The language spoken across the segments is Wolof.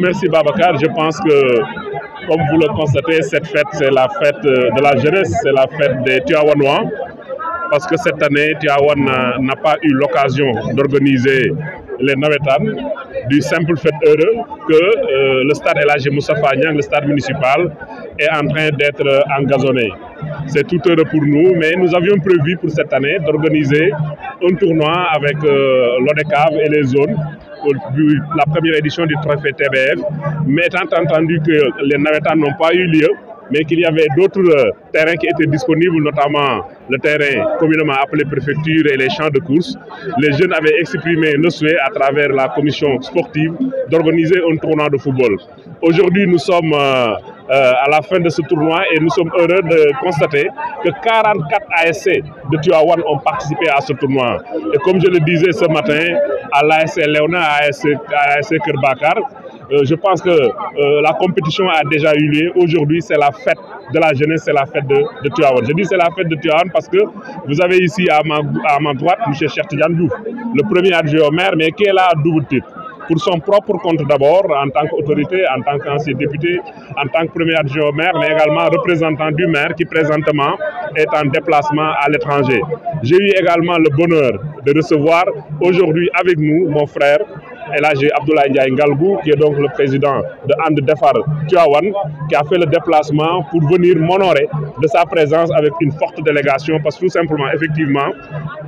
Merci Babacar. Je pense que, comme vous le constatez, cette fête, c'est la fête euh, de la jeunesse, c'est la fête des Tiawanois. Parce que cette année, Tiawan n'a pas eu l'occasion d'organiser les 9 Navetan du simple fait heureux que euh, le stade Elagé Moussa Fagnan, le stade municipal, est en train d'être euh, engazonné. C'est tout heureux pour nous, mais nous avions prévu pour cette année d'organiser un tournoi avec euh, et les zones la première édition du trophée TBF, mais étant entendu que les navettes n'ont pas eu lieu, mais qu'il y avait d'autres euh, terrains qui étaient disponibles, notamment le terrain communément appelé préfecture et les champs de course. Les jeunes avaient exprimé le souhait à travers la commission sportive d'organiser un tournoi de football. Aujourd'hui, nous sommes euh, euh, à la fin de ce tournoi et nous sommes heureux de constater que 44 ASC de Tuawan ont participé à ce tournoi. Et comme je le disais ce matin, à l'ASC Léona, à l'ASC Kerbakar, euh, je pense que euh, la compétition a déjà eu lieu. Aujourd'hui, c'est la fête de la jeunesse, c'est la fête de, de Je dis c'est la fête de Tuareg parce que vous avez ici à ma, droite M. Chertigan le premier adjoint au maire, mais qui est là à double titre pour son propre compte d'abord, en tant qu'autorité, en tant qu'ancien député, en tant que premier adjoint au maire, mais également représentant du maire qui présentement est en déplacement à l'étranger. J'ai eu également le bonheur de recevoir aujourd'hui avec nous mon frère, et là, j'ai Abdoulaye Ndiaye Ngalgou, qui est donc le président de Ande Defar Tiawan, qui a fait le déplacement pour venir m'honorer de sa présence avec une forte délégation, parce que tout simplement, effectivement,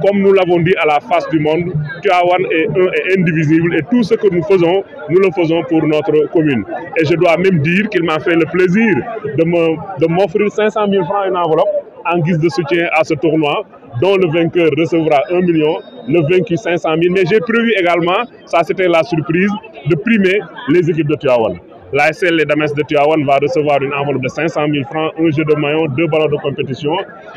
comme nous l'avons dit à la face du monde, Tiawan est un et indivisible, et tout ce que nous faisons, nous le faisons pour notre commune. Et je dois même dire qu'il m'a fait le plaisir de m'offrir 500 000 francs une enveloppe en guise de soutien à ce tournoi, dont le vainqueur recevra 1 million le vaincu 500 000. Mais j'ai prévu également, ça c'était la surprise, de primer les équipes de Tiawan. La Les Dames de Tiawan va recevoir une enveloppe de 500 000 francs, un jeu de maillot, deux ballons de compétition.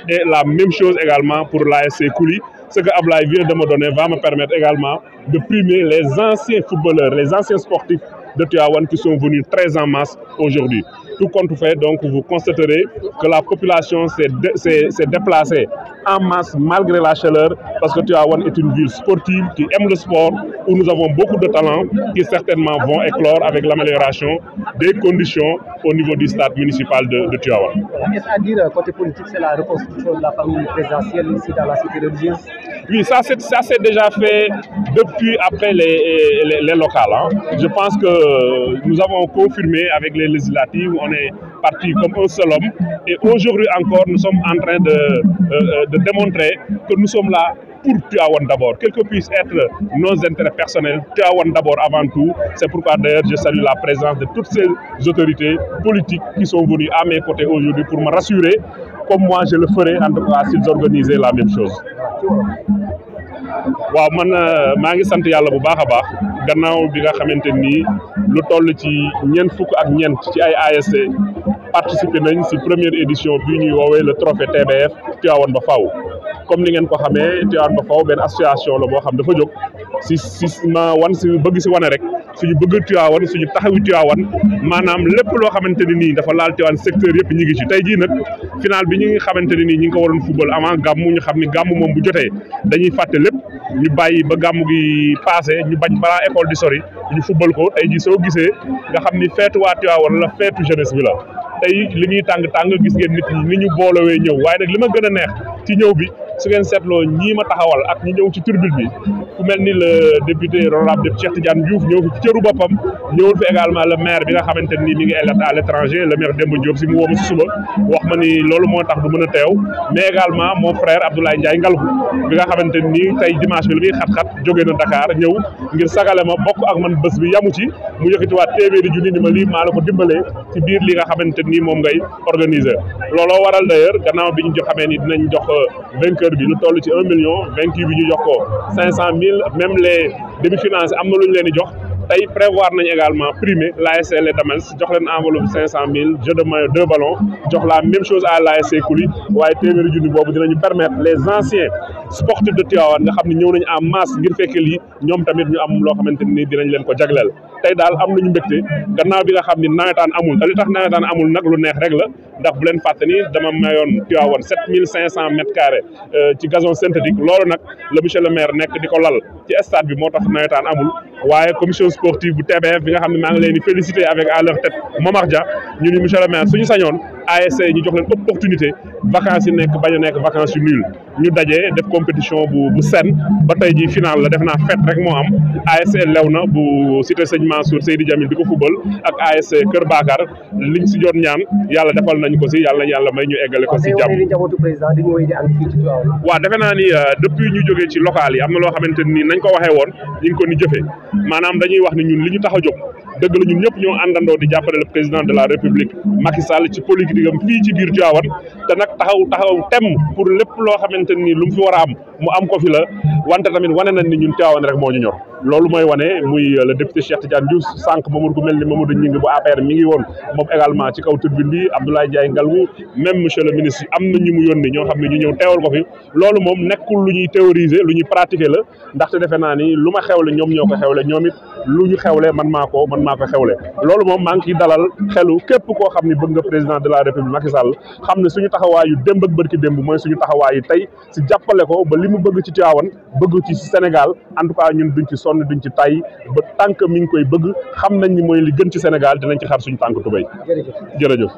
Et la même chose également pour l'ASC Kouli. Ce que Ablaï vient de me donner va me permettre également de primer les anciens footballeurs, les anciens sportifs de Tiawan qui sont venus très en masse aujourd'hui. Tout compte fait, donc, vous constaterez que la population s'est déplacée en masse malgré la chaleur parce que Tiawan est une ville sportive qui aime le sport, où nous avons beaucoup de talents qui certainement vont éclore avec l'amélioration des conditions au niveau du stade municipal de, de Tuawan. est à dire, côté politique, c'est la reconstruction de la famille présidentielle ici dans la cité religieuse oui, ça s'est déjà fait depuis après les, locales. Hein. Je pense que euh, nous avons confirmé avec les législatives, on est parti comme un seul homme. Et aujourd'hui encore, nous sommes en train de, euh, euh, démontrer que nous sommes là pour Tuawan d'abord, quels que puissent être nos intérêts personnels, Tuawan d'abord avant tout. C'est pourquoi d'ailleurs je salue la présence de toutes ces autorités politiques qui sont venues à mes côtés aujourd'hui pour me rassurer comme moi je le ferai en tout cas s'ils organisaient la même chose Wa man euh, mangi sante yalla bu baax a baax gannaaw bi nga xamanteni ni lu toll ci ñen fuk ak ñeent ci ay ASC participer nañ ci première édition bi ñuy woowee le trophée TBF Tivaouane ba faw comme ni ngeen ko xamee Tivaouane ba faw ben association la bo xam dafa jog si si ma wan ci bëgg si wane rek suñu bëgg Tiwaawan suñu taxawu Tiwaawan maanaam lépp loo xamante ne nii dafa laal Tiwaawan secteur yëpp ñu ngi ci tey jii nag final bi ñu ngi xamante ne nii ñi ngi ko waroon football avant gàmmu ñu xam ni gàmmu moom bu jotee dañuy fàtte lépp ñu bàyyi ba gàmmu gi passé ñu bañ balaa école di sori ñu football ko tey jii soo gisee nga xam ni feetu waa Tiwaawan la feetu jeunesse bi la tey li muy tàng tàng gis ngeen nit ñi ni ñu boolowee ñëw waaye nag li ma gën a neex ci ñëw bi su ngeen seetloo ñii ma taxawal ak ñi ñëw ci tribune bi ku mel ni le député honorable Cheikh Tidiane Diouf ñëw fi ci cëru boppam ñëwul fi également le maire bi nga xamante ni mi ngi élève à l'étranger le maire ma loolu moo tax du mën a teew mais également mon frère Abdoulaye Ndiaye Ngalgou bi nga xamante ni tey dimanche bi li muy xat-xat jógee na Dakar ñëw ngir sagale ma bokk ak man bés bi yamu mu yëkkatiwaat téeméeri junni ni ma lii maa la ko dimbalee biir li nga xamante ni moom ngay organiser looloo waral d'ailleurs gannaaw bi ñu xamee ni dinañ jox de bi nous tolu ci 1 million 28 500 000 même les demi-finances, amna luñu a di jox tay prévoir nañ également primer la SL Damas jox leen enveloppe 500 000 je demande deux ballons jox la même chose à la SC Kouli waye téméré bobu dinañu les anciens sportif de Tivaouane nga xam ne ñëw nañ en masse ngir fekke lii ñoom tamit ñu am loo xamante ni dinañ leen ko jagleel tey daal am nañu mbégte gannaaw bi nga xam ne amul te li tax nawetaan amul nak lu neex rek la ndax bu leen fàtte ni dama mayoon Tivaouane sept mille cinq cent mètres carrés euh, ci gazon synthétique loolu nag la monsieur le maire nekk di lal ci stade bi moo tax amul waaye commission sportive bu TBF bi nga xam ne maa ngi leen di féliciter avec à leur tête Momar Dia ñu ni monsieur le maire suñu sañoon ASC ñu jox leen opportunité vacances yi nekk bañ a nekk vacances yu nul ñu daje def compétition bu bu sen ba tey ji final la def naa fête rek moo am ASC Léona bu cité sëñ Mansour Seydi Jamil di ko fubal ak ASC Kër Bakar liñ si doon ñaan yàlla defal nañ ko si yàlla yàlla may ñu eggale ko si jàmm waa defe naa ni euh, depuis ñu jógee ci locale yi am na loo xamante ni nañ ko waxee woon ñu ngi ko ni jëfee maanaam dañuy wax ni ñun li ñu tax a jog dëgg la ñun ñëpp ñoo àndandoo di jàppale le président de la république Macky Sall ci politique am fii ci biir Tivaouane te nag taxaw taxaw tem pour lépp loo xamante ni lu mu fi war am mu am ko fi la wante tamit wane na ni ñun Tivaouane rek moo ñu ñor loolu mooy wane muy euh, le député Cheikh Tidiane Diouf sànq Mamadou ku mel ni Mamadou Ngingue bu APR mi ngi woon moom également ci kaw tribune bi Abdoulaye Ndiaye Ngalgou même monsieur le ministre am na ñu mu yónni ñoo xam ne ñu ñëw teewal ko fi loolu moom nekkul lu ñuy théoriser lu ñuy pratiquer la ndaxte defe naa ni lu ma xewle ñoom ñoo ko xewle ñoom it lu ñu xewle man maa ko man maa ko xewle loolu moom maa ngi ciy dalal xelu képp koo xam ne bëgg nga président de la république Macky xam ne suñu taxawaayu démb ak bërki démb mooy suñu taxawaayu tey si jàppale ko ba li mu bëgg ci Tivaouane bëgg ci Sénégal en tout cas ñun duñ ci sonn duñ ci tay ba tànk mi ngi koy bëgg xam nañ ni mooy li gën ci Sénégal dinañ ci xar suñu tànk tubéy jërëjëf